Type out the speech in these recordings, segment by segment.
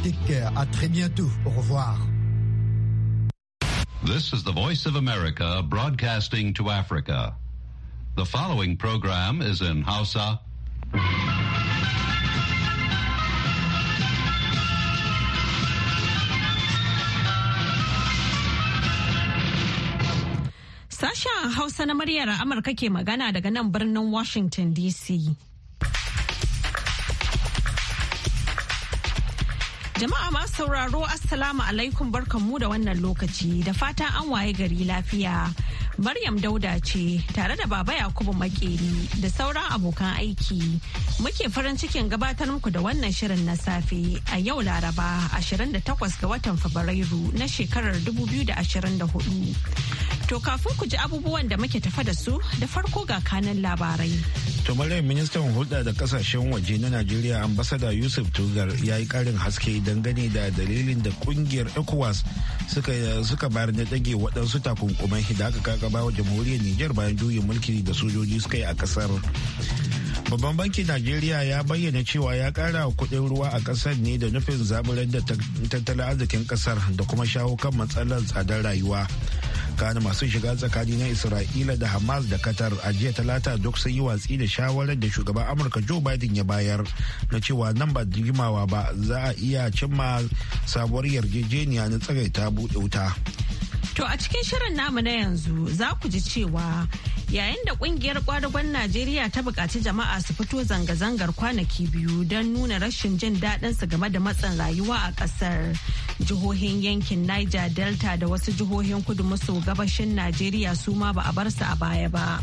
politique. À très bientôt. Au revoir. This is the Voice of America broadcasting to Africa. The following program is in Hausa. Sasha Hausa na muryar Amurka ke magana daga nan birnin Washington DC. Jama'a masu sauraro Assalamu alaikum barkanmu da wannan lokaci da fatan an waye gari lafiya. Maryam Dauda ce tare da Baba Yakubu Makeri da sauran abokan aiki muke farin cikin gabatar muku da wannan shirin na safe a yau Laraba 28 ga watan Fabrairu na shekarar 2024. To kafin ku ji abubuwan da muke tafa da su da farko ga kanan labarai. To Maryam ministan hulɗa da kasashen waje na Najeriya ambasada Yusuf Tugar ya yi ƙarin haske dangane da dalilin da ƙungiyar ECOWAS suka bayar na ɗage waɗansu takunkumai da aka ba jamhuriyar Nijar bayan juyin mulki da sojoji suka yi a kasar. Babban bankin Najeriya ya bayyana cewa ya kara kuɗin ruwa a kasar ne da nufin zaburar da tattalin arzikin kasar da kuma shawo kan matsalar tsadar rayuwa. kana masu shiga tsakani na Isra'ila da Hamas da Qatar a jiya talata duk sun yi watsi da shawarar da shugaban Amurka Joe Biden ya bayar na cewa nan ba jimawa ba za a iya cimma sabuwar yarjejeniya na tsagaita buɗe wuta. To a cikin shirin namu na yanzu za ku ji cewa yayin da kungiyar kwadagon Najeriya ta buƙaci jama'a su fito zanga-zangar kwanaki biyu don nuna rashin jin daɗin su game da matsin rayuwa a ƙasar. Jihohin yankin Niger Delta da wasu jihohin kudu maso gabashin Najeriya su ma ba a bar su a baya ba.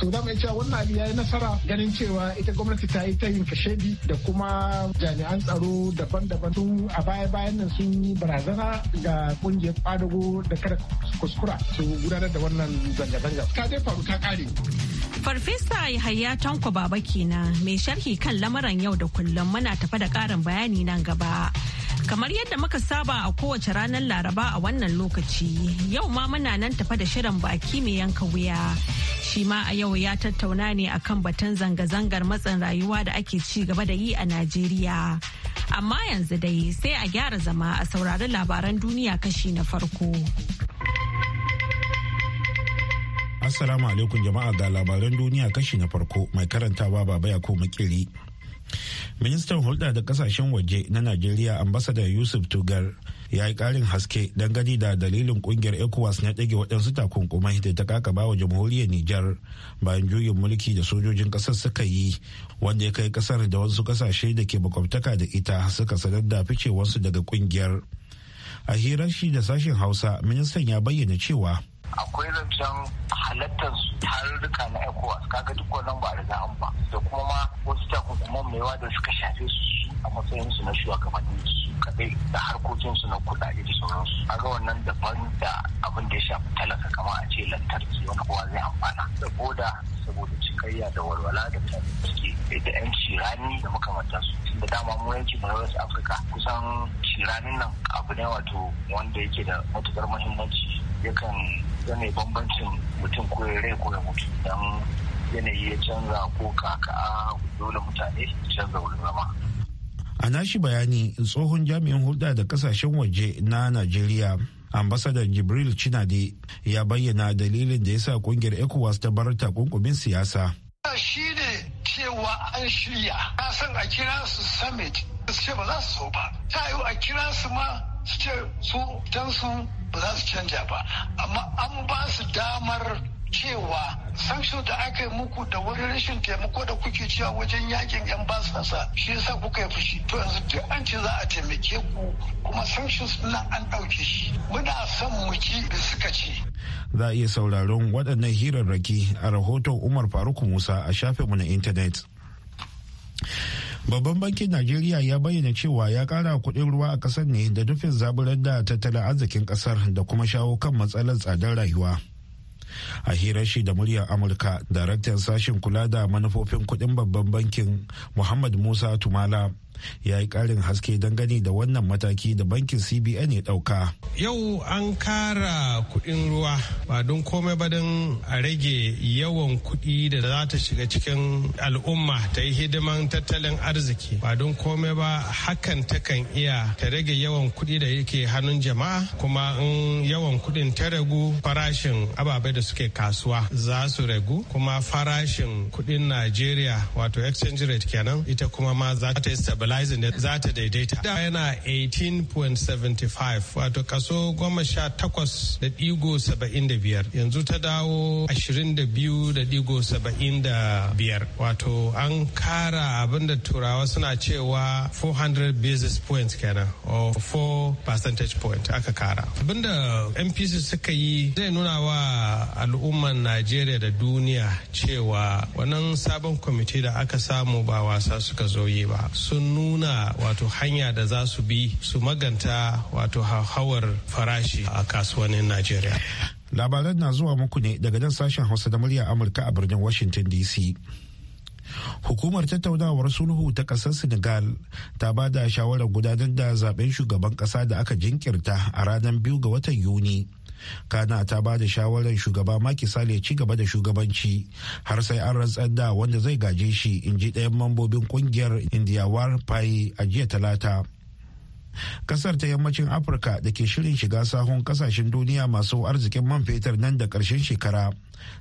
so da mai cewa wannan abu ya yi nasara ganin cewa ita gwamnati ta yi ta yin kashedi da kuma jami'an tsaro daban-daban sun a baya-bayan nan sun yi barazana ga kungiyar kwadago da kada kuskura su gudanar da wannan zanga-zanga ta dai faru ta kare Farfesa Yahaya Tanko Baba kenan mai sharhi kan lamuran yau da kullum muna tafa da ƙarin bayani nan gaba. Kamar yadda muka saba a kowace ranar Laraba a wannan lokaci, yau ma muna nan tafa da shirin baki mai yanka wuya. Shi ma a yau ya tattauna ne akan batun zanga-zangar matsin rayuwa da ake ci gaba da yi a Najeriya. Amma yanzu dai sai a gyara zama a saurari labaran duniya kashi na farko. Assalamu alaikum jama'a ga labaran duniya kashi na farko mai karantawa baba ya ko makiri. ministan hulɗa da kasashen waje na najeriya ambasada yusuf tugar ya yi ƙarin haske dangane da dalilin kungiyar ecowas na ɗage waɗansu takunkumai da ta kakaba wa jamhuriyar nijar bayan juyin mulki da sojojin ƙasar suka yi wanda ya kai ƙasar da wasu ƙasashe da ke makwabtaka da ita suka sanar da ficewarsu daga ƙungiyar. a hirar shi da sashen hausa ministan ya bayyana cewa akwai zancen halattar su tarurruka na ecowas kaga duk wannan ba riga an ba da kuma ma wasu takunkuman maiwa da suka shafe su a matsayin su na shugabanni su kaɗai da harkokin su na kuɗaɗe da sauransu kaga wannan daban da abin da ya shafi talaka kama a ce lantarki wani kowa zai amfana da boda saboda cikayya da walwala da mutane suke da yan cirani da makamantansu da dama mu yanki na West Africa kusan shiranin nan abu ne wato wanda yake da matukar muhimmanci yakan yanayi bambancin mutum ko ya rai ko ya mutu don yanayi ya canza ko kaka ah, dole mutane canza wurin zama. A nashi bayani tsohon jami'in hulɗa da kasashen waje na Najeriya. Ambassador Jibril Chinadi ya bayyana dalilin da ya sa kungiyar ECOWAS ta bar takunkumin siyasa. Shi ne cewa an shirya, na san a kira su summit, su ce ba za su so ba, ta yi a kira su ma su ce su don sun ba za su canja ba amma an ba su damar cewa sanction da aka yi muku da wani rashin taimako da kuke cewa wajen yakin yan basasa shi yasa kuka yi fushi to yanzu duk an ce za a taimake ku kuma sanctions na an ɗauke shi muna son mu ci da suka ce za a iya sauraron waɗannan hirarraki a rahoton umar faruk musa a shafinmu na intanet babban bankin najeriya ya bayyana cewa ya kara kuɗin ruwa a ƙasar ne da nufin zaburar da tattalin arzikin ƙasar da kuma shawo kan matsalar tsadar rayuwa a hirar shi da muryar amurka daraktan sashen kula da manufofin kuɗin babban bankin muhammad musa tumala ya yi karin haske gani da wannan mataki da bankin cbn ya dauka. yau an kara kudin ruwa ba don komai ba don a rage yawan kudi da za ta shiga cikin al'umma ta yi hidiman tattalin arziki ba don komai ba hakan ta kan iya ta rage yawan kudi da yake hannun jama'a kuma in yawan kudin ta ragu farashin ababai da suke kasuwa za su ragu kuma farashin kudin najeriya wato exchange rate kenan ita kuma ma za ta yi stabilizing da za ta daidaita. Da yana 18.75 wato kaso goma sha takwas da digo saba'in da biyar yanzu ta dawo ashirin da biyu da digo saba'in da biyar wato an kara abin turawa suna cewa 400 basis points kenan or 4 percentage point aka kara. abinda da MPC suka yi zai nuna wa al'umman Najeriya da duniya cewa wannan sabon kwamiti da aka samu ba wasa suka zo yi ba sun nuna wato hanya da za su bi su maganta wato hauhawar farashi a kasuwannin najeriya labaran na zuwa muku ne daga nan sashen hausa da murya amurka a birnin washington dc hukumar tattaunawar sulhu ta ƙasar senegal ta ba da shawarar gudanar da zaben shugaban ƙasa da aka jinkirta a ranar biyu ga watan yuni kana ta ba da shawarar shugaba maki sale ya ci gaba da shugabanci har sai an rantsar da wanda zai gaje shi in ji ɗayan mambobin kungiyar War pai a jiya talata kasar ta yammacin afirka da ke shirin shiga sahun kasashen duniya masu arzikin man fetur nan da ƙarshen shekara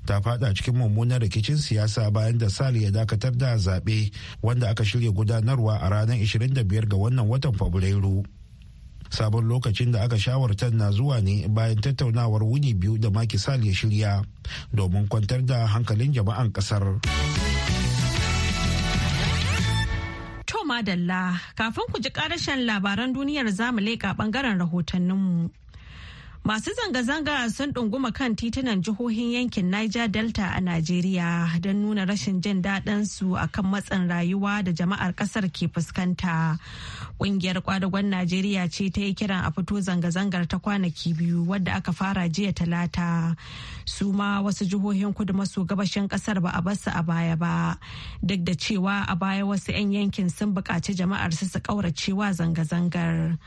ta fada cikin mummunan rikicin siyasa bayan da sali ya dakatar da zaɓe wanda aka shirya gudanarwa a ranar 25 ga wannan watan fabrairu sabon lokacin da aka shawartar na zuwa ne bayan tattaunawar wuni biyu da makisal ya shirya domin kwantar da hankalin jama'an kasar. madalla kafin ku ji karashen labaran duniyar zamu leƙa ɓangaren rahotanninmu. Masu zanga-zanga sun ɗunguma kan titunan jihohin yankin Niger Delta a Najeriya don nuna rashin jin daɗinsu a kan matsin rayuwa da jama'ar ƙasar ke fuskanta. Ƙungiyar kwadagon Najeriya ce ta yi kiran a fito zanga-zangar ta kwanaki biyu wadda aka fara jiya talata. Su ma wasu jihohin kudu maso gabashin ƙasar ba a basu a baya ba. Duk da cewa a baya wasu 'yan yankin sun buƙaci jama'ar su su ƙauracewa zanga-zangar.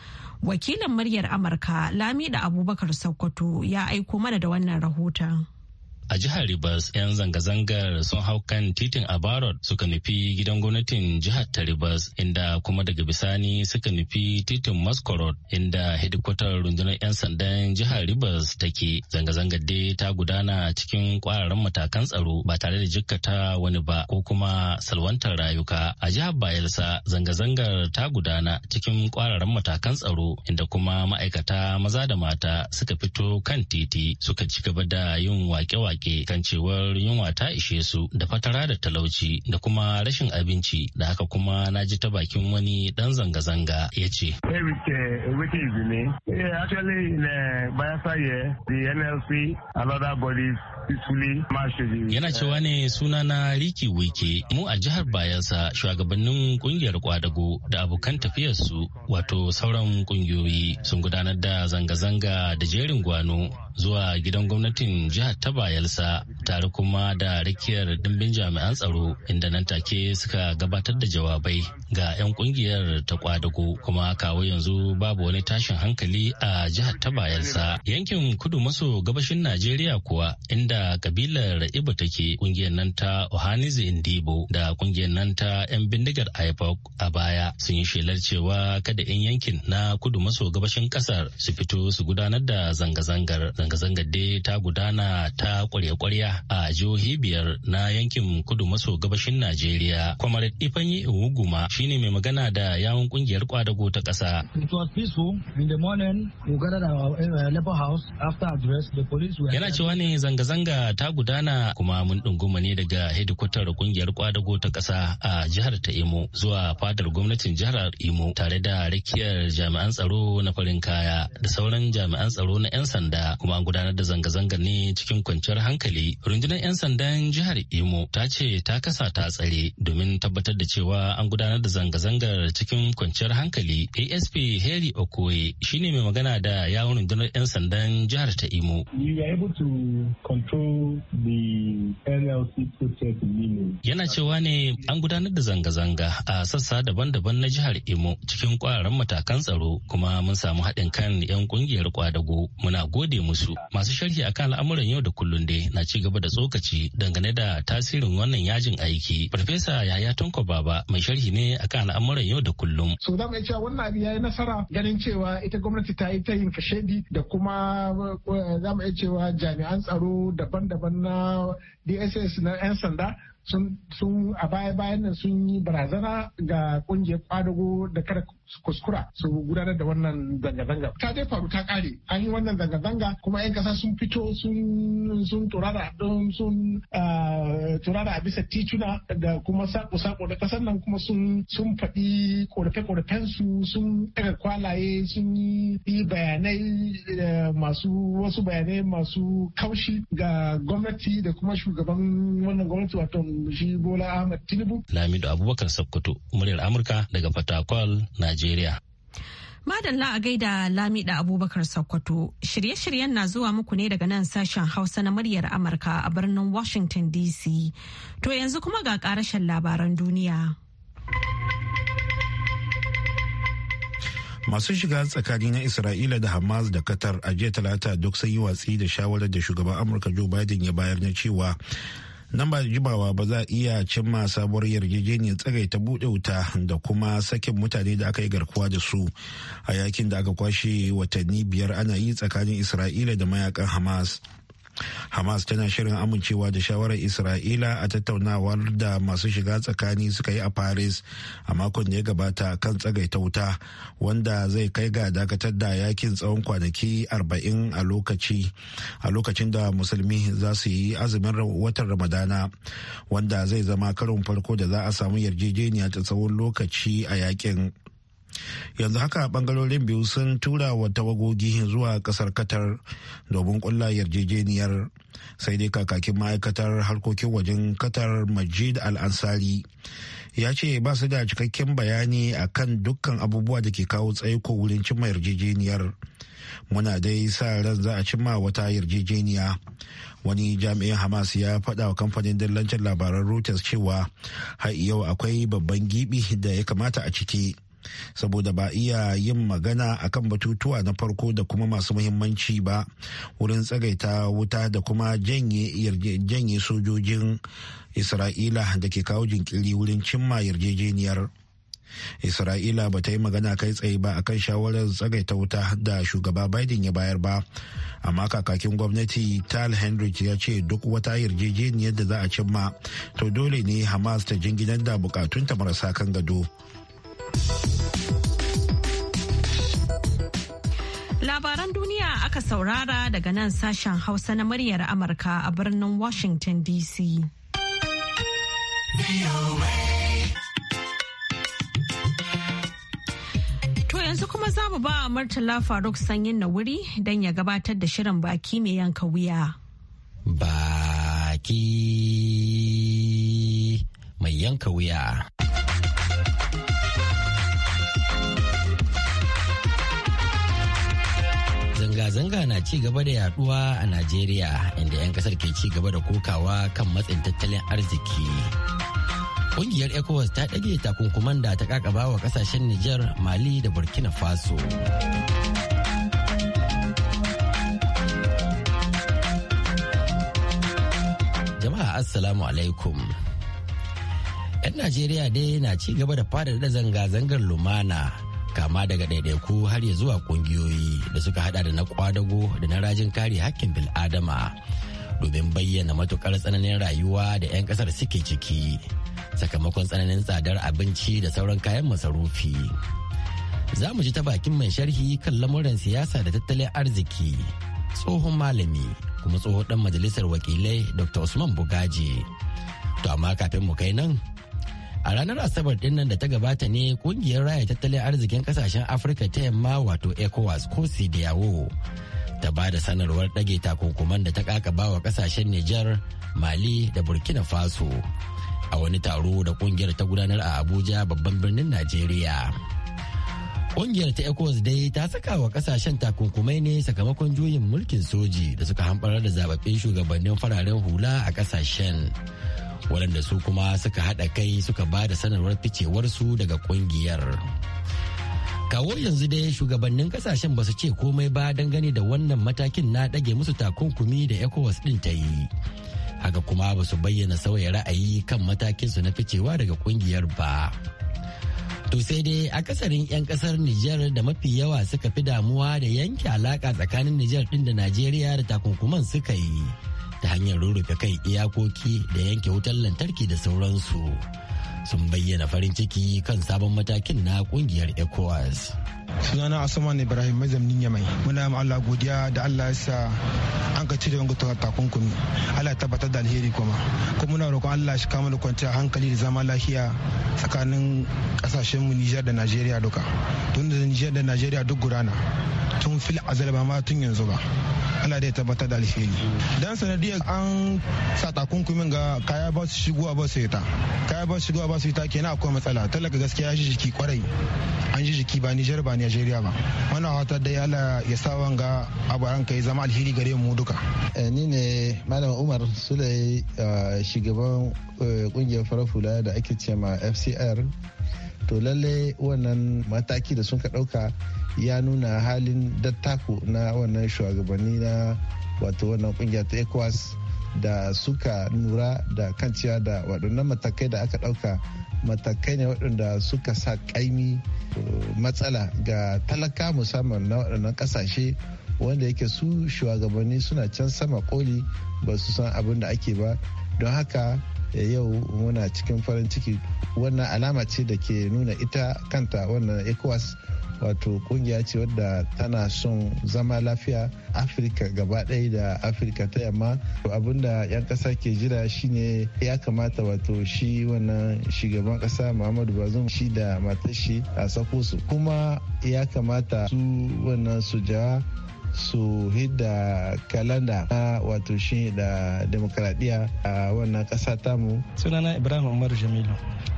wakilin muryar amurka lamida abubakar sokoto ya aiko mana da wannan rahoton A jihar Ribas, 'yan zanga-zangar sun hau kan titin Abarot suka nufi gidan gwamnatin jihar ta Ribas, inda kuma daga bisani suka nufi titin Maskorod, inda hedikwatar rundunar 'yan sandan jihar Ribas take. Zanga-zangar dai ta gudana cikin kwararan matakan tsaro ba tare da jikkata wani ba ko kuma salwantar rayuka. A jihar Bayelsa, zanga-zangar ta gudana cikin kwararan matakan tsaro, inda kuma ma'aikata maza da mata suka fito kan titi suka ci gaba da yin wake-wake take kan cewar yunwa ta ishe su da fatara da talauci da kuma rashin abinci da haka kuma na ji ta bakin wani dan zanga-zanga ya ce. Yana cewa ne suna na Riki Wike mu a jihar Bayelsa shugabannin kungiyar kwadago da abokan tafiyarsu wato sauran kungiyoyi sun gudanar da zanga-zanga da jerin gwano zuwa gidan gwamnatin jihar ta Bayelsa. majalisa tare kuma da rikiyar dimbin jami'an tsaro inda nan take suka gabatar da jawabai ga 'yan kungiyar ta kwadago kuma kawo yanzu babu wani tashin hankali a jihar ta bayelsa yankin kudu maso gabashin najeriya kuwa inda kabilar ibo take kungiyar nan ta ohanizu indibo da kungiyar nan ta 'yan bindigar ipoc a baya sun yi shelar cewa kada 'yan yankin na kudu maso gabashin kasar su fito su gudanar da zanga-zangar zanga-zangar dai ta gudana ta kwarya-kwarya a jihohi biyar na yankin kudu maso gabashin Najeriya. Kwamar Ifanyi Uguma shine mai magana da yawun kungiyar kwadago ta ƙasa. Uh, uh, Yana cewa ne zanga-zanga ta gudana kuma mun ɗunguma ne daga hedikwatar kungiyar kwadago ta ƙasa a jihar ta Imo zuwa fadar gwamnatin jihar Imo tare da rakiyar jami'an tsaro na farin kaya da sauran jami'an tsaro na 'yan sanda kuma an gudanar da zanga zanga ne cikin kwanciyar hankali rundunar 'yan sandan jihar imo ta ce ta kasa ta tsare domin tabbatar da cewa an gudanar da zanga-zangar cikin kwanciyar hankali asp harry okoye shine mai magana da yawon rundunar 'yan sandan jihar ta imo yana cewa ne an gudanar da zanga-zanga a sassa daban-daban na jihar imo cikin kwararan matakan tsaro kuma mun samu haɗin kan 'yan kungiyar kwadago muna gode musu masu sharhi akan al'amuran yau da kullum dai na ci gaba da tsokaci dangane da tasirin wannan yajin aiki. Farfesa Yahaya Tanko Baba mai sharhi ne akan al'amuran yau da kullum. So za mu iya cewa wannan abu ya yi nasara ganin cewa ita gwamnati ta yi ta yin kashedi da kuma eh, za mu iya cewa jami'an tsaro daban-daban na DSS na 'yan sanda sun a baya bayan nan sun yi barazana ga kungiyar kwadago da kada su kuskura su gudanar da wannan zanga-zanga ta dai faru ta kare an yi wannan zanga-zanga kuma 'yan kasa sun fito sun turara sun ah, turara a bisa tituna da kuma sako-sako da kasar nan kuma sun faɗi korafe-korafen su sun ɗaga kwalaye sun yi bayanai eh, masu wasu bayanai masu kaushi ga gwamnati da kuma shugaban wannan gwamnati wato shi Bola Ahmed Tinubu. Lamido Abubakar Sokoto, muryar Amurka daga Fatakwal, Najeriya. Najeriya. Madalla a gaida Lamida Abubakar Sokoto. Shirye-shiryen na zuwa muku ne daga nan sashen Hausa na muryar Amurka a birnin Washington DC. To yanzu kuma ga karashen labaran duniya. Masu shiga tsakani na Isra'ila da Hamas da Qatar a jiya talata duk sun yi watsi da shawarar da shugaban Amurka Joe Biden ya bayar na cewa Na ba jimawa ba za a iya cimma sabuwar yarjejeniyar ta buɗe wuta da kuma sakin mutane da aka yi garkuwa da su a yakin da aka kwashe watanni biyar ana yi tsakanin isra'ila da mayakan hamas hamas tana shirin amincewa da shawarar isra'ila a tattaunawar da masu shiga tsakani suka yi a paris a makon da ya gabata kan tsagaita wuta wanda zai kai ga dakatar da yakin tsawon kwanaki 40 a lokaci a lokacin da musulmi za su yi azumin watan ramadana wanda zai zama karin farko da za a samu yarjejeniya ta tsawon lokaci a yakin yanzu haka bangarorin biyu sun tura wa tawagogi zuwa kasar katar domin kulla yarjejeniyar sai dai kakakin ma'aikatar harkokin wajen katar majid al-ansari ya ce ba su da cikakken bayani a kan dukkan abubuwa da ke kawo tsaiko wurin cimma yarjejeniyar muna dai sa ran za a cimma wata yarjejeniya wani jami'in hamas ya faɗa wa kamfanin dillancin labaran reuters cewa har yau akwai babban gibi da ya kamata a ciki saboda ba iya yin magana akan batutuwa na farko da kuma masu muhimmanci ba wurin tsagaita wuta da kuma janye sojojin isra'ila da ke kawo jinkiri wurin cimma yarjejeniyar isra'ila ba ta yi magana kai tsaye ba akan shawarar tsagaita wuta da shugaba biden ya bayar ba amma kakakin gwamnati tal henry ya ce duk wata yarjejeniyar da za a cimma to dole ne hamas ta jinginar da bukatunta marasa kan gado Labaran duniya aka saurara daga nan sashen Hausa na muryar Amurka a birnin Washington DC. To yanzu kuma za mu ba Murtala Faruk sanyin na wuri don ya gabatar da shirin baki mai yanka wuya. Baki mai yanka wuya. zanga-zanga na ci gaba da yaduwa a Najeriya inda 'yan kasar ke ci gaba da kokawa kan matsin tattalin arziki. ƙungiyar ECOWAS ta ɗage takunkuman da ta ƙaƙaba wa ƙasashen Nijar, Mali da Burkina Faso. Jama'a Assalamu alaikum. 'Yan Najeriya dai na ci gaba da da zanga-zangar lumana. kama daga ɗaiɗaiku har ya zuwa ƙungiyoyi da suka hada da na kwadago da na rajin kare hakkin bil'adama domin bayyana matukar tsananin rayuwa da 'yan ƙasar suke ciki sakamakon tsananin tsadar abinci da sauran kayan masarufi za mu ji ta bakin mai sharhi kan lamuran siyasa da tattalin arziki tsohon malami kuma tsohon dan majalisar wakilai dr usman bugaji to amma kafin mu kai nan a ranar asabar dinnan da ta gabata ne kungiyar raya tattalin arzikin kasashen afirka ta yamma wato ecowas ko yawo ta ba da sanarwar ɗage takunkuman da ta kakaba wa kasashen niger mali da burkina faso a wani taro da kungiyar ta gudanar a abuja babban birnin najeriya Ƙungiyar ta ECOWAS dai ta saka wa kasashen takunkumai ne sakamakon juyin mulkin soji da suka hamɓarar da zababbin shugabannin fararen hula a kasashen. waɗanda su kuma suka haɗa kai suka ba da sanarwar su daga ƙungiyar. kawo yanzu dai shugabannin kasashen ba su ce komai ba dangane da wannan matakin na ɗage musu takunkumi da ecowas ɗin ta yi haka kuma ba su bayyana sauya ra'ayi kan matakin su na ficewa daga kungiyar ba to sai dai akasarin 'yan kasar Nijar da mafi yawa suka fi damuwa da yanke alaƙa tsakanin Nijar ɗin da najeriya da takunkuman suka yi ta hanyar rurrufe kai iyakoki da yanke wutar lantarki da sauransu sun bayyana farin ciki kan sabon matakin na kungiyar ecowas sunana Asuman Ibrahim mai zamnin Yamai muna ma Allah godiya da Allah ya sa an ka cire wanga takunkumi Allah ya tabbatar da alheri kuma kuma muna roƙon Allah shi kama da kwanciyar hankali da zama lafiya tsakanin kasashen mu Nijar da Najeriya duka tun da Nijar da Najeriya duk gudana tun fil azal ba ma tun yanzu ba Allah ya tabbatar da alheri dan sanadiyar an sa takunkumin ga kaya ba su shigowa ba su ta kaya ba su shigowa ba su ta kenan akwai matsala talaka gaskiya ya shi jiki kwarai an shi jiki ba Nijar ba Najeriya ba. Wannan wata dai Allah ya sa wanga abaran kai zama alheri gare mu duka. Eh, ni ne Malam Umar Sulai eh, shugaban eh, kungiyar farafula da ake ce ma FCR. To lalle wannan mataki da sun ka ɗauka ya nuna halin dattako na wannan shugabanni na wato wannan kungiyar ta ECOWAS da suka nura da kanciya da waɗannan matakai da aka ɗauka matakai ne waɗanda suka sa ƙaimi eh, matsala ga talaka musamman na waɗannan ƙasashe wanda yake su shugabanni suna can sama koli ba su san abin da ake ba don haka eh, yau muna cikin farin ciki wannan alama ce da ke nuna ita kanta wannan ecowas wato kungiya ce wadda tana son zama lafiya afirka gaba ɗaya da afirka ta yamma abinda 'yan ƙasa ke jira shine ya kamata wato shi wannan shugaban ƙasa muhammadu bazum shi da matashi a sako su kuma ya kamata su wannan sojawa su hidda kalanda na wato shi da demokradiyya a wannan kasa tamu sunana ibrahim umaru jamilu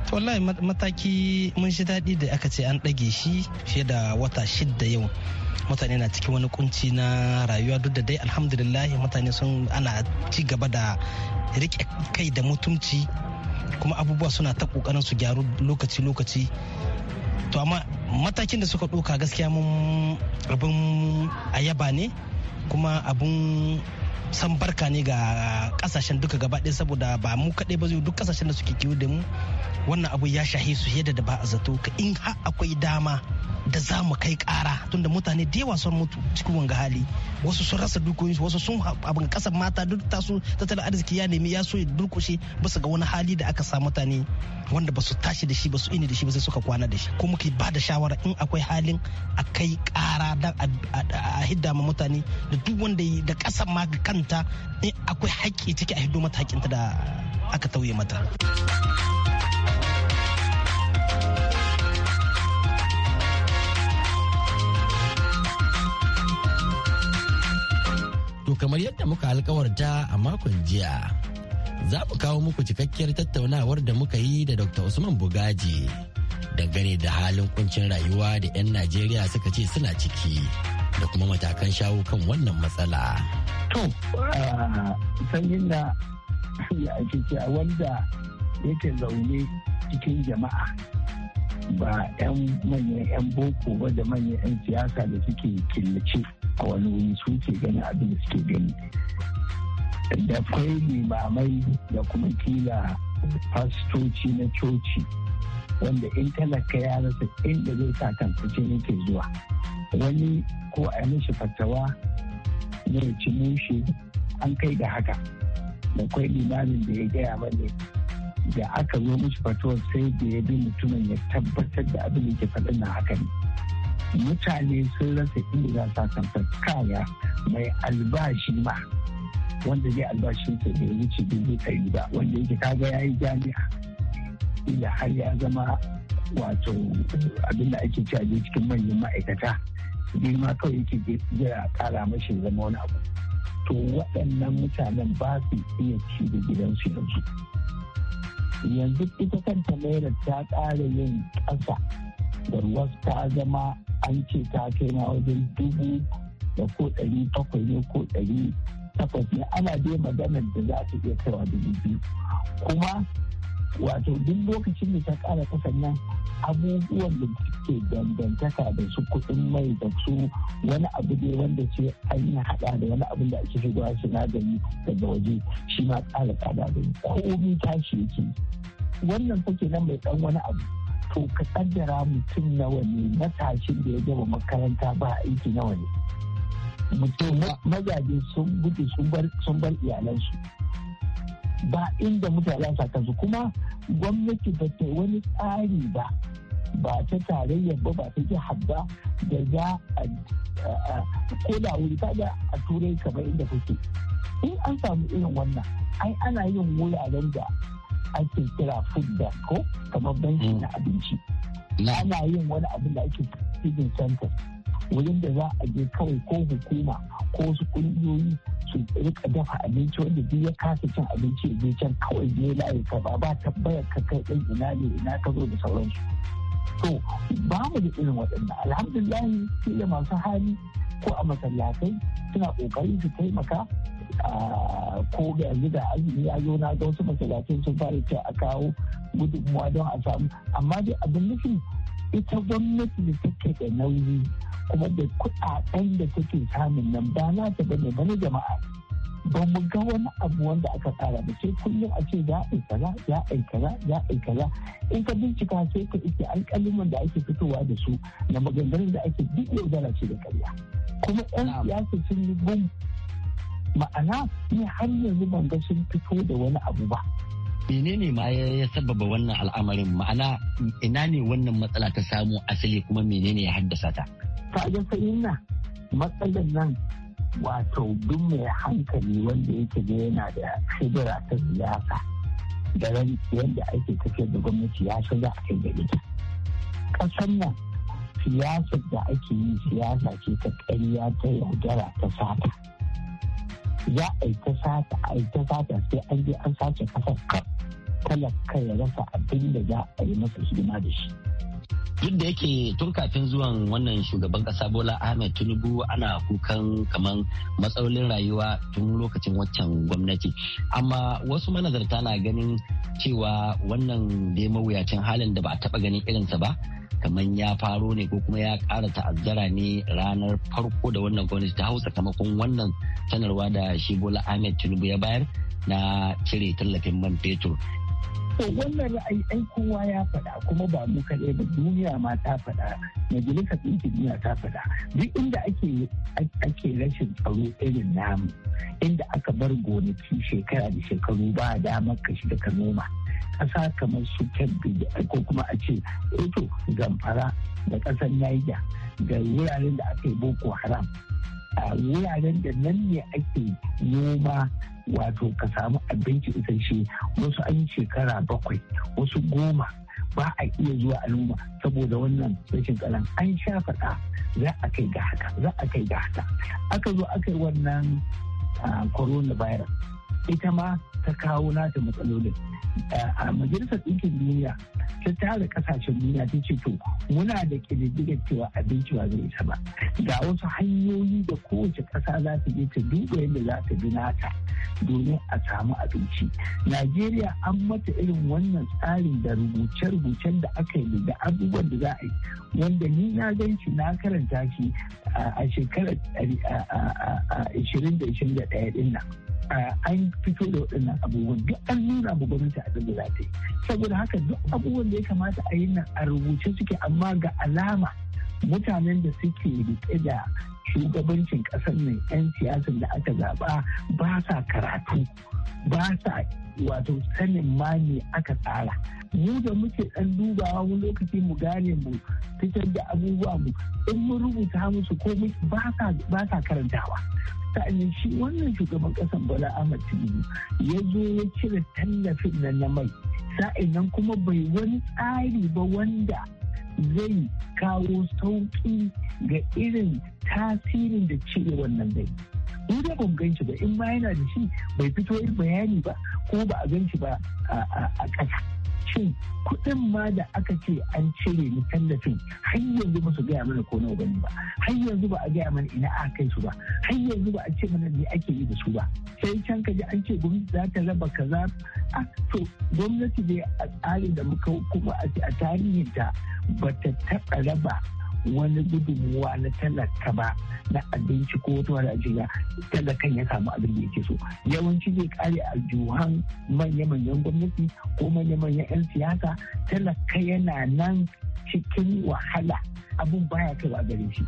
to wallahi mataki mun shi daɗi da aka ce an ɗage shi fiye da wata shidda yau mutane na cikin wani kunci na rayuwa duk da dai alhamdulillah mutane sun ana ci gaba da riƙe kai da mutunci kuma abubuwa suna ta ƙoƙarin su gyaru lokaci-lokaci to amma matakin da suka ɗauka gaskiya mun abin ayaba ne kuma abun san barka ne ga kasashen duka gaba ɗaya saboda ba mu kaɗai ba duk kasashen da suke kiwo da mu wannan abu ya shahe su yadda da ba a zato ka in ha akwai dama da za mu kai ƙara tunda mutane da yawa sun mutu cikin wanga hali wasu sun rasa dukoyin wasu sun abin kasar mata duk tasu tattalin arziki ya nemi ya so ya durkushe su ga wani hali da aka sa mutane wanda ba su tashi da shi ba su ini da shi ba sai suka kwana da shi ko muke ba da shawara in akwai halin a kai ƙara a hidda ma mutane da duk wanda yi da ƙasa ma kanta in eh, akwai haƙƙi ciki a hiddo mata haƙƙinta da aka tauye mata. To kamar yadda muka alkawarta a makon jiya, za mu kawo muku cikakkiyar tattaunawar da muka yi da Dr. Usman Bugaji dangane da halin kuncin rayuwa da 'yan Najeriya suka ce suna ciki. da kuma matakan shawo kan wannan matsala. To, uh, sanyin da ya ake wanda yake zaune cikin jama'a ba 'yan manyan 'yan boko ba da manyan 'yan siyasa da suke killace a wani wuri suke ke gani abin da suke gani. Da kwai limamai da kuma kila fastoci na coci wanda in talaka ya rasa inda zai sa kan yake zuwa. wani ko a yi mishi fatawa na ci mushi an kai da haka da kwai limamin da ya gaya mani da aka zo mishi fatawa sai da ya bi mutumin ya tabbatar da abin da ke faɗin na haka ne mutane sun rasa inda za su kaya mai albashi ma wanda zai albashin sa bai wuce dubu ɗari ba wanda yake kaga ya yi jami'a inda har ya zama wato abin da ake ci a cikin manyan ma'aikata shi ma kawai yake gira kara mashi zama wani abu to waɗannan mutanen ba su iya ci da gidansu yanzu yanzu ita kanta naira ta ƙara yin ƙasa da ruwas ta zama an ce ta kai na wajen dubu da ko ɗari takwas ne ko ɗari takwas ne ana dai maganar da za su iya kaiwa dubu biyu kuma wato duk lokacin da ta kara sannan abubuwan da ke dangantaka da su kuɗin mai da su wani abu ne wanda ce an yi haɗa da wani abu da ake shigowa sinadari daga waje shi ma kara tsada da komi tashi yake wannan fa nan mai ɗan wani abu to ka kaddara mutum nawa ne matashin da ya gama makaranta ba aiki nawa ne mutum mazaje sun gudu sun bar iyalansu ba inda mutane a kansu kuma gwamnati ba ta wani tsari ba ba ta tarayyar ba ba ta jihar ba da za a koda wuri kaga a turai kamar inda kuke in an samu irin wannan ai ana yin wuraren da ake kira food da ko kamar banki mm. na abinci ana yin wani abin da ake feeding center wurin da za a je kawai ko hukuma ko wasu kungiyoyi su rika dafa abinci wanda duk ya kasa cin abinci ya je can kawai je layi ka ba ba tabbayar ka kai ɗan ina ne ina ka zo da sauransu to ba mu da irin waɗannan alhamdulillahi da masu hali ko a masallatai suna ƙoƙarin su taimaka ko ga yanzu da azumi ya zo na ga wasu masallatai sun fara cewa a kawo gudunmuwa don a samu amma dai abin nufin ita gwamnati da take da nauyi kuma da kuɗaɗen da take samun nan ba na ta bane bane jama'a ba mu ga wani abu wanda aka tsara ba sai kullum a ce za a kaza za a kaza in ka bincika sai ka ike alƙaliman da ake fitowa da su na maganganun da ake duk yaudara ce da karya kuma ɗan siyasa sun yi gum ma'ana ni har yanzu ban ga sun fito da wani abu ba menene ma ya sababa wannan al'amarin ma'ana ina ne wannan matsala ta samu asali kuma menene ya haddasa ta kaga sai na matsalar nan wato duk mai hankali wanda yake da yana da shibira ta siyasa da yadda ake tafiyar da gwamnati ya shiga za a kai da ita ƙasar nan siyasar da ake yi siyasa ce ta ƙarya ta yaudara ta sata za a yi ta sata a yi sata sai an je an sace kasar kan talaka ya rasa abin da za a yi masa hidima da shi duk da yake tun kafin zuwan wannan shugaban kasa bola ahmed tinubu ana kukan kaman matsalolin rayuwa tun lokacin waccan gwamnati amma wasu manazarta na ganin cewa wannan dai mawuyacin halin da ba a taba ganin irinsa ba kamar ya faro ne ko kuma ya ƙara ta'azzara ne ranar farko da wannan gwamnati ta hausa kamakon wannan sanarwa da shi bola ahmed tinubu ya bayar na cire tallafin man fetur To wannan ra'ayi ai kowa ya faɗa kuma ba mu kaɗai ba duniya ma ta faɗa majalisar ɗinkin duniya ta faɗa duk inda ake rashin tsaro irin namu inda aka bar gonaki shekara da shekaru ba damar ka da ka noma ƙasa kamar su kebbi ko kuma a ce eto eh zamfara da ƙasar niger da wuraren da aka yi boko haram a wuraren da nan ne ake noma wato ka samu abinci isasshe wasu an shekara bakwai wasu goma ba a iya zuwa al'umma saboda wannan rashin kalan an sha faɗa za a kai ga haka za a kai ga haka aka zo aka yi wannan ah, coronavirus ita ma ta kawo nata matsalolin eh, a majalisar ɗinkin duniya ta tara kasashen duniya ta ce to muna da ƙididdigar cewa abinci ba zai isa ba ga wasu hanyoyi da kowace ƙasa za ta je ta duba yadda za ta bi nata domin a samu abinci najeriya an mata irin wannan tsarin da rubuce-rubucen da aka yi da abubuwan da za a yi wanda ni na gan shi na karanta shi a shekarar 2021 din nan an fito da waɗannan abubuwan duk an nuna abu gwamnati a da ta saboda haka duk abubuwan da ya kamata a yi nan a rubuce suke amma ga alama mutanen da suke riƙe da shugabancin ƙasar nan 'yan siyasar da aka zaɓa ba sa karatu ba sa wato sanin ma ne aka tsara mu da muke ɗan dubawa mu lokaci mu gane mu fitar da abubuwa mu in mun rubuta musu ko ba sa karantawa sa'anin shi wannan shugaban kasan bala ahmad tinubu ya zo ya cire tallafin nan na mai sa'in kuma bai wani tsari ba wanda zai kawo sauƙi ga irin tasirin da cire wannan bai in ba mu gan ba in ma yana da shi bai fito yin bayani ba ko ba a gan ba a ƙasa shin kuɗin ma da aka ce an cire ni tallafin har yanzu ba su gaya mana ko nawa bane ba har yanzu ba a gaya mana ina a kai su ba har yanzu ba a ce mana me ake yi da su ba sai can ka ji an ce gwamnati za ta raba kaza a to gwamnati dai a tsarin da muka kuma a tarihin ta ba ta taɓa raba wani gudunmuwa na talaka ba na abinci ko wata wani ajiya talakan ya samu abin da yake so yawanci zai kare a juhan manya-manyan gwamnati ko manya-manyan 'yan siyasa talaka yana nan cikin wahala abun baya kaiwa gare shi.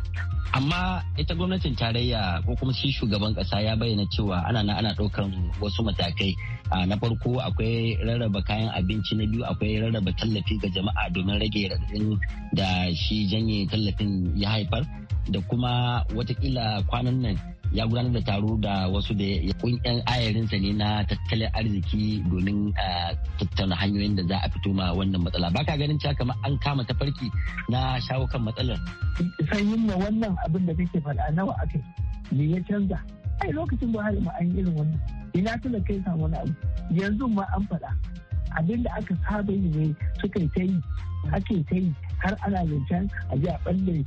Amma ita gwamnatin tarayya ko kuma shi shugaban kasa ya bayyana cewa ana na ana ɗaukan wasu matakai na farko akwai rarraba kayan abinci na biyu akwai rarraba tallafi ga jama'a domin rage raɗaɗin da shi janye tallafin ya haifar da kuma watakila kwanan nan ya gudanar da taro da wasu da yan ayarinsa ne na tattalin arziki domin tattauna hanyoyin da za a fito ma wannan matsala ba ka ganin cewa kamar an kama tafarki na shawo kan matsalar. sanyin na wannan abin da kake faɗa nawa aka me ya canza ai lokacin buhari ma an irin wannan ina tuna kai samu wani abu yanzu ma an faɗa abin da aka saba yi ne suka yi ta yi ake ta yi har ana zancen a ji a balle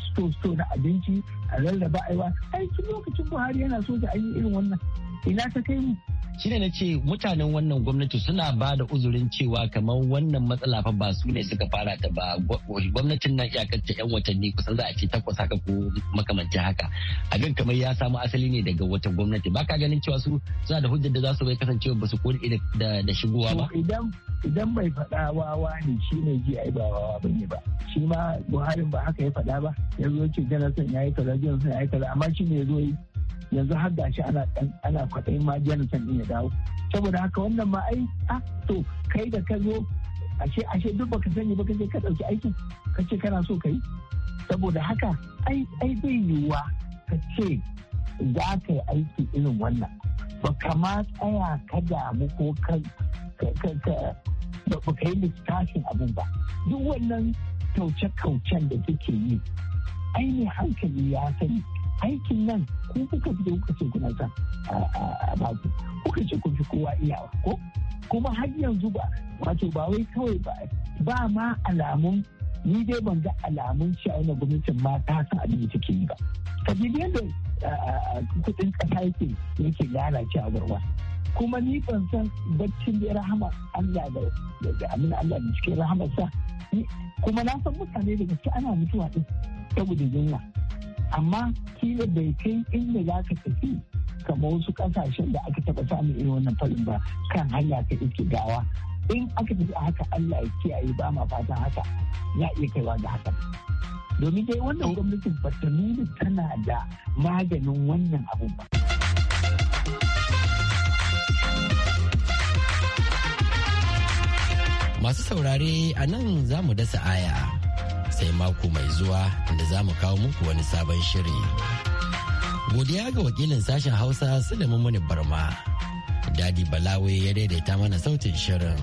sito sto na abinci a rarraba aiwa aikin lokacin buhari yana soja da an yi irin wannan ina ka kai mu shi ne na ce mutanen wannan gwamnati suna ba da uzurin cewa kamar wannan matsala fa ba su ne suka fara ta ba gwamnatin na iyakanta yan watanni kusan za a ce takwas haka ko makamanci haka abin kamar ya samu asali ne daga wata gwamnati ba ka ganin cewa su suna da hujjar da za su bai kasancewa ba su kori da shigowa ba idan idan bai faɗa wawa ne shi ne ji yi ba wawa ba ne ba shi ma buhari ba haka ya faɗa ba ya ce jana son ya yi kaza jana sun ya yi kaza amma shi ne zo yi yanzu har gashi ana ana kwaɗayin ma san ɗin ya dawo saboda haka wannan ma ai a ah, to kai da ka zo ashe ashe duk baka sani ba kaje ka ɗauki aikin ka kana so ka saboda haka ai ai bai yiwuwa ka ce za ka yi aiki irin wannan ba kama tsaya ka damu ko ka ba ka yi littafin abin ba duk wannan kauce-kaucen da kake yi aini hankali ya sani aikin nan ku kuka da kuka ce kuna sa a baku kuka ce kun fi kowa iyawa ko kuma har yanzu ba wato ba wai kawai ba ba ma alamun ni dai ban ga alamun a wani gwamnatin ma ta san abin da take yi ba sabili yadda kudin kasa yake yake a gurwa kuma ni ban san baccin da rahama Allah da amin Allah da cikin rahamarsa kuma na san mutane da gaske ana mutuwa din saboda yunwa amma kila bai kai inda za ka tafi kamar wasu kasashen da aka taɓa samun irin wannan falin ba kan hanya ta ɗauke gawa in aka tafi haka Allah ya kiyaye ba ma fatan haka ya iya kaiwa da haka domin dai wannan gwamnatin ba ta nuna tana da maganin wannan abun ba. Masu saurare a nan za mu dasa aya. sai mako mai zuwa da za mu kawo muku wani sabon shiri. Godiya ga wakilin sashen Hausa da Muni Barma. Dadi Balawe ya daidaita mana sautin shirin.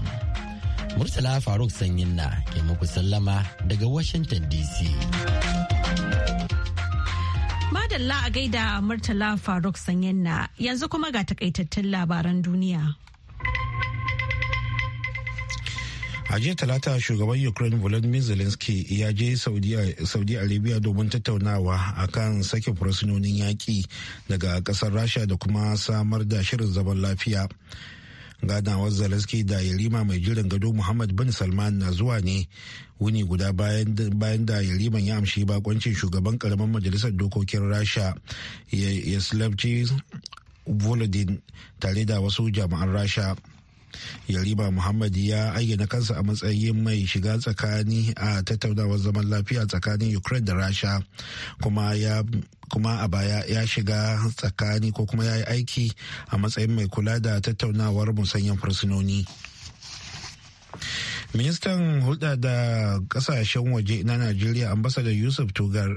Murtala Faruk Sanyin na ke muku sallama daga Washington DC. Madalla a gaida Murtala Faruk Sanyin na yanzu kuma ga takaitattun labaran duniya. a jiya talata shugaban ukraine volodymyr zelensky ya je saudi arabia domin tattaunawa a kan sakin fursunonin yaƙi daga ƙasar rasha da kuma samar da shirin zaman lafiya ganawar zelensky da yarima mai jiran gado muhammad bin salman na zuwa ne wuni guda bayan da yariman ya amshi bakoncin shugaban karamin majalisar dokokin rasha yaslavci volodin tare da wasu jami'an rasha Yariba Muhammad ya ayyana kansa a matsayin mai shiga tsakani a tattaunawar zaman lafiya tsakanin Ukraine da Rasha kuma ya kuma a baya ya shiga tsakani ko kuma ya yi aiki a matsayin mai kula da tattaunawar musanyen fursunoni. ministan hulɗa da ƙasashen waje na najeriya ambasada yusuf tugar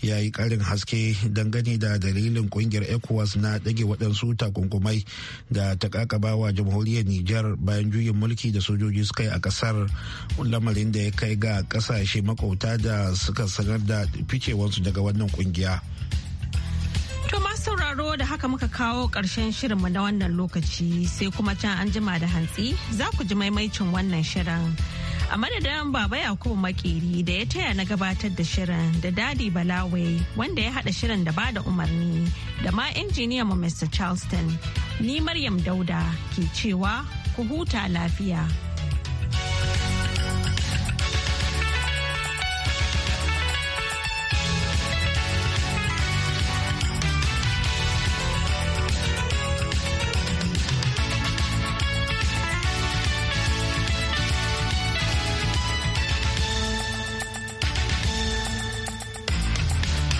ya yi ƙarin haske dangane da dalilin ƙungiyar ecowas na ɗage waɗansu takunkumai da ta ƙaƙabawa jamhuriyar niger bayan juyin mulki da sojoji suka yi a ƙasar lamarin da ya kai ga ƙasashe makauta da suka sanar da ficewansu daga wannan ƙungiya. haka muka kawo ƙarshen shirinmu na wannan lokaci sai kuma can an jima da hantsi za ku ji maimaicin wannan shirin. A madadin Baba Yakubu Makeri da ya taya na gabatar da shirin da Dadi Balawe wanda ya haɗa shirin da bada umarni da ma injiniya mu Mr. Charleston. Ni Maryam Dauda ke cewa ku huta lafiya.